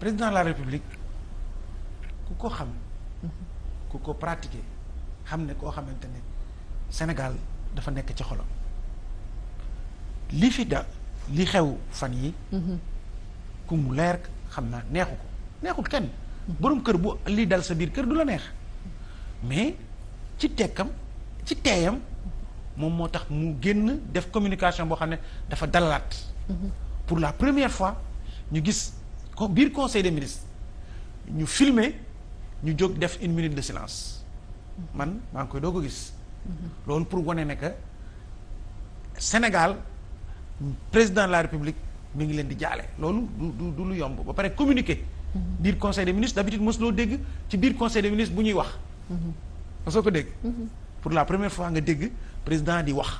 président la république ku ko xam ku ko pratiquer xam ne koo xamante ne Sénégal dafa nekk ci xolam li fi da li xew fan yi mhm. ku mu leer xam naa neexu ko neexul kenn boroom kër bu li dal sa biir kër du la neex mais ci tekkam ci teeyam moom moo tax mu génn def communication boo xam ne dafa dalalaat mhm. pour la première fois ñu gis biir conseil des ministres ñu filmer ñu jóg def une minute de silence man maa ngi koy doo ko gis loolu pour wane ne que Sénégal président de la République mu ngi leen di jaale loolu du du lu yomb ba pare communiquer biir conseil des ministres d'habitude mos loo dégg ci biir conseil des ministres bu ñuy wax mosoo ko dégg pour la première fois nga dégg président di wax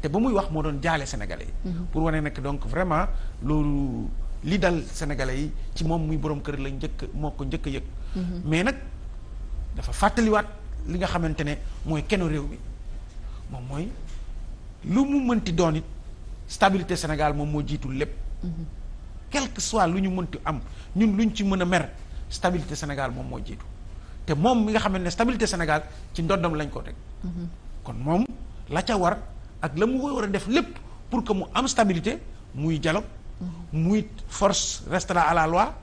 te ba muy wax moo doon jaale Sénégalais yi mhm. pour wane nekk donc vraiment loolu li dal sénégalais yi ci moom muy borom kër la njëkk moo ko njëkk yëg. Mhm. mais nag dafa fàttaliwaat li nga xamante ne mooy kenn réew mi moom mooy lu mu mënti doon it stabilité Sénégal moom moo jiitul lépp. Mhm. quel que lu ñu mënti am ñun lu luñ ci mën a mer stabilité Sénégal moom moo jiitu te moom mi nga xamante ne stabilité Sénégal ci ndoddam lañ ko rek mhm. kon moom la ca war ak la mu war a def lépp pour que mu am stabilité muy dialogue. muy force restera à la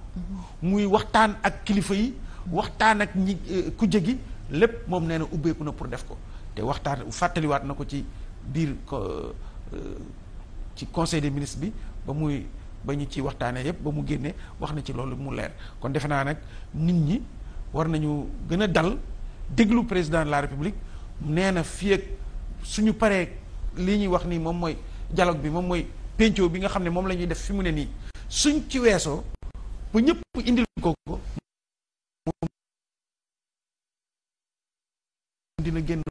muy waxtaan ak kilifa yi waxtaan ak ñi euh, ku jegi lépp moom nee na ubbeeku na pour def ko te waxtaan fàttaliwaat na ko ci biir euh, ci conseil des ministre bi ba muy ba ñu ci waxtaanee yépp ba mu génnee wax na ci loolu mu leer kon defe naa nag nit ñi war nañu gën a dal déglu président la république nee na fii suñu paree li ñuy wax nii moom mooy dialogue bi moom mooy pencoo bi nga xam ne moom lañuy def fi mu ne nii suñ ci weesoo ba ñëpp indil ko ko moom dina génn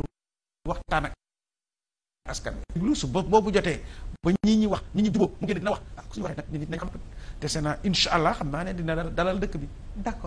waxtaan ak askan bi lu su boobu jotee ba ñi ñi wax ñi ñi jubóo mu génn dina wax ah suñu waxee nag nit ñi nañ xam te Sénat incha allah xam naa ne dina dalal dëkk bi d'accord